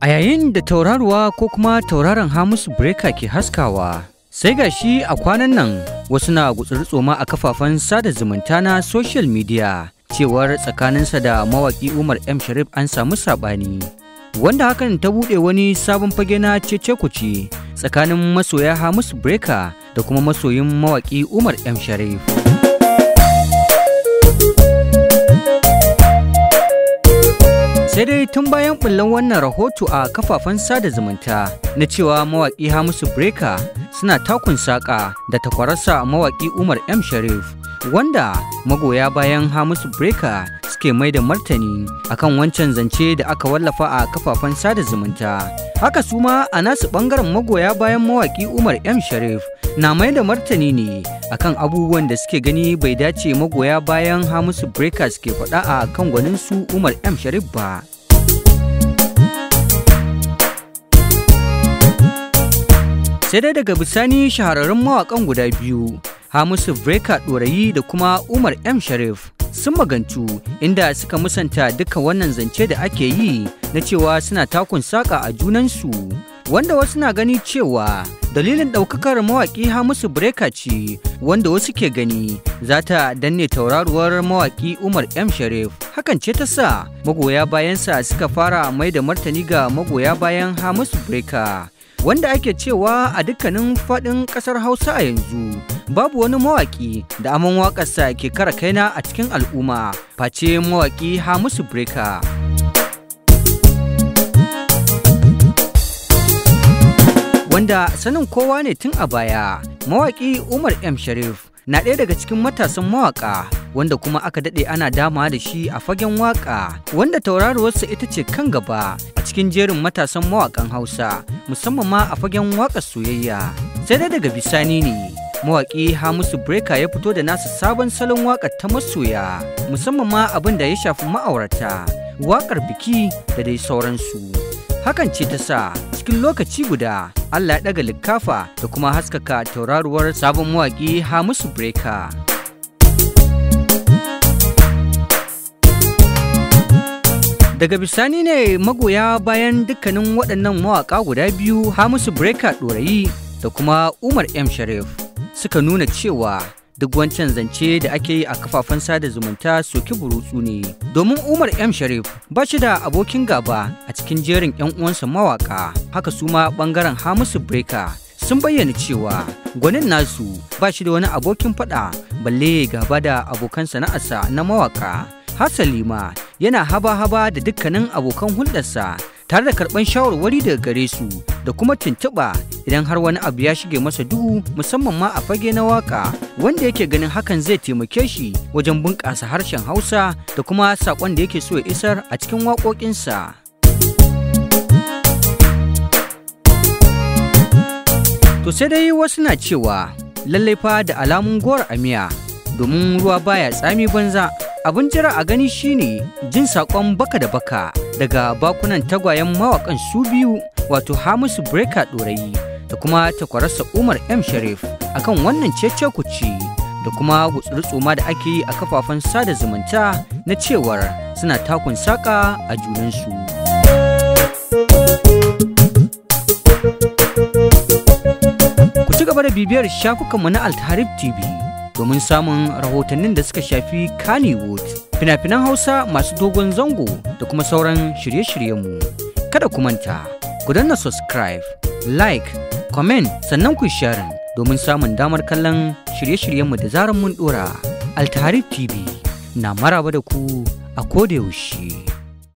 A yayin da tauraruwa ko kuma tauraron Hamus Breka ke haskawa, sai ga shi a kwanan nan wasu na gutsurtsoma a kafafen sada zumunta na social media cewar tsakaninsa da mawaƙi Umar M. Sharif an samu saɓani. Wanda hakan ta buɗe wani sabon fage na cece-kuce tsakanin masoya Hamus Breka da kuma masoyin mawaƙi Umar M. Sharif. tun bayan bullan wannan rahoto a kafafen sada zumunta na cewa mawaƙi Hamisu Breka suna takun saƙa da takwararsa mawaƙi Umar M Sharif wanda magoya bayan Hamisu Breka suke mai da martani akan wancan zance da aka wallafa a kafafen sada zumunta. Haka suma a nasu ɓangaren magoya bayan mawaƙi Umar M Sharif na mai da martani ne akan abubuwan da suke gani bai dace magoya bayan hamisu Breka ke faɗa a kan gwaninsu umar m sharif ba sai dai daga bisani shahararrun mawakan guda biyu hamisu breka ɗorayi da kuma umar m sharif sun magantu inda suka musanta duka wannan zance da ake yi na cewa suna takun saƙa a junansu wanda wasu na gani cewa dalilin ɗaukakar mawaƙi hamisu breka ce wanda wasu ke gani za ta danne tauraruwar mawaƙi umar m sharif hakan ce ta sa magoya bayansa suka fara mai da martani ga magoya bayan hamisu breka wanda ake cewa a dukkanin faɗin ƙasar Hausa a yanzu babu wani mawaƙi da aman waƙarsa ke kara kaina a cikin al'umma face mawaƙi Hamisu Breka. Wanda sanin kowa ne tun a baya, mawaƙi Umar M. Sharif na ɗaya daga cikin matasan mawaƙa wanda kuma aka daɗe ana dama da shi a fagen waka. wanda tauraruwarsa ita ce kan gaba a cikin jerin matasan mawakan hausa musamman ma a fagen waƙar soyayya sai dai daga bisani ne mawaƙi hamisu breka ya fito da nasa sabon salon waƙar ta masoya musamman ma abin da ya shafi ma'aurata waƙar biki da dai sauransu hakan ce ta sa cikin lokaci guda allah ya ɗaga likkafa da kuma haskaka tauraruwar sabon mawaƙi hamisu breka Daga bisani ne magoya bayan dukkanin waɗannan mawaƙa guda biyu Hamisu Breka Ɗorayi da kuma Umar M. Sharif suka nuna cewa duk wancan zance da ake yi a kafafen sada zumunta soki burutsu ne. Domin Umar M. Sharif ba shi da abokin gaba a cikin jerin 'yan uwansa mawaƙa haka su ma ɓangaren Hamisu Breka sun bayyana cewa gwanin nasu ba shi da wani abokin faɗa balle gaba da abokan sana'arsa na mawaƙa. Hasali ma yana haba-haba da dukkanin abokan hulɗarsa tare da karɓan shawarwari daga gare su da kuma tuntuɓa idan har wani abu ya shige masa duhu musamman ma a fage na waka wanda yake ganin hakan zai taimake shi wajen bunƙasa harshen hausa da kuma saƙon da yake so ya isar a cikin waƙoƙinsa. To sai dai wasu na cewa lallai fa da alamun gowar miya, domin ruwa baya tsami banza Abin jira a gani shine jin saƙon baka da baka daga bakunan tagwayen mawakan su biyu wato Hamisu Breka Ɗorayi da kuma takwararsa Umar M. Sharif akan wannan cece kuci da kuma gutsuri da ake yi a kafafen sada zumunta na cewar suna takun saƙa a junansu. Ku ci gaba da bibiyar shafukanmu na Altarib TV. domin samun rahotannin da suka shafi Kannywood, fina-finan Hausa masu dogon zango da kuma sauran shirye-shiryenmu. Kada ku manta, ku danna subscribe, like, comment sannan ku sharing domin samun damar kallon shirye-shiryenmu da zarar mun dora. Altarif TV na maraba da ku a yaushe.